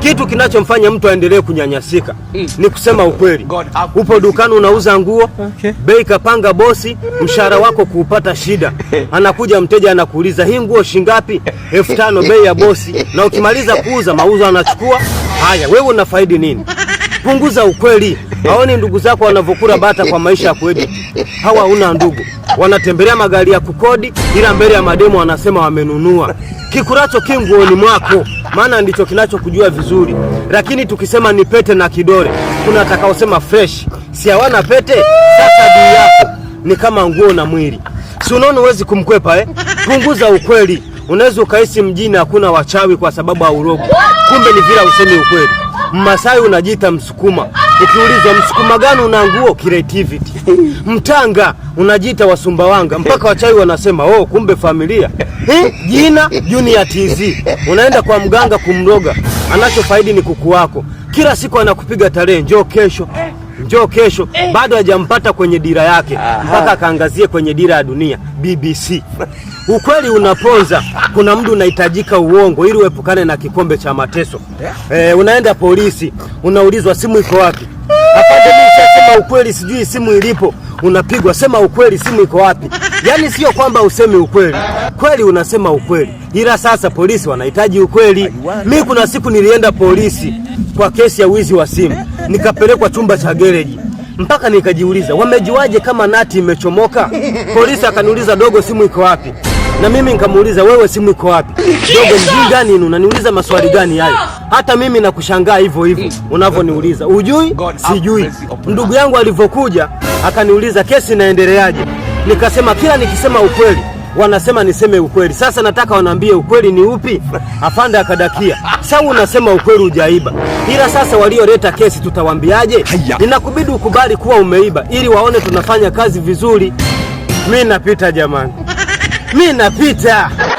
Kitu kinachomfanya mtu aendelee kunyanyasika mm. ni kusema ukweli. Upo dukani unauza nguo okay. bei kapanga bosi, mshahara wako kuupata shida. Anakuja mteja anakuuliza hii nguo shingapi? elfu tano bei ya bosi, na ukimaliza kuuza mauzo anachukua. Haya, wewe unafaidi nini? punguza ukweli. Haoni ndugu zako wanavyokula bata kwa maisha ya kweli. Hawa una ndugu, wanatembelea magari ya kukodi, ila mbele ya mademo wanasema wamenunua. Kikuracho kinguoni mwako, maana ndicho kinachokujua vizuri. Lakini tukisema ni pete na kidole, kuna atakaosema fresh, si hawana pete. Sasa juu yako ni kama nguo na mwili, si unaona huwezi kumkwepa eh? Punguza ukweli. Unaweza ukahisi mjini hakuna wachawi kwa sababu haurogwi, kumbe ni vile usemi ukweli. Mmasai unajiita Msukuma, ukiulizwa Msukuma gani una nguo creativity. Mtanga unajiita Wasumbawanga, mpaka wachawi wanasema oh, kumbe familia jina Junior TZ. Unaenda kwa mganga kumroga, anachofaidi ni kuku wako. Kila siku anakupiga tarehe, njoo kesho, njoo kesho eh. Bado hajampata kwenye dira yake mpaka akaangazie kwenye dira ya dunia BBC. Ukweli unaponza, kuna mdu unahitajika uongo ili uepukane na kikombe cha mateso eh. eh unaenda polisi, unaulizwa simu iko wapi? Apande sema ukweli, sijui simu ilipo, unapigwa sema ukweli, simu iko wapi? Yaani sio kwamba useme ukweli, kweli unasema ukweli, ila sasa polisi wanahitaji ukweli. Mi kuna siku nilienda polisi kwa kesi ya wizi wa simu nikapelekwa chumba cha gereji mpaka nikajiuliza wamejuaje kama nati imechomoka. Polisi akaniuliza dogo, simu iko wapi? Na mimi nikamuuliza wewe, simu iko wapi? Dogo mjui gani nu unaniuliza maswali gani hayo? Hata mimi nakushangaa hivyo hivyo unavyoniuliza, ujui sijui. Ndugu yangu alivyokuja akaniuliza kesi inaendeleaje, nikasema kila nikisema ukweli wanasema niseme ukweli. Sasa nataka wanaambie ukweli ni upi? Afande akadakia, sawa, unasema ukweli ujaiba ila sasa walioleta kesi tutawambiaje? Ninakubidi ukubali kuwa umeiba ili waone tunafanya kazi vizuri. Mi napita jamani, mi napita.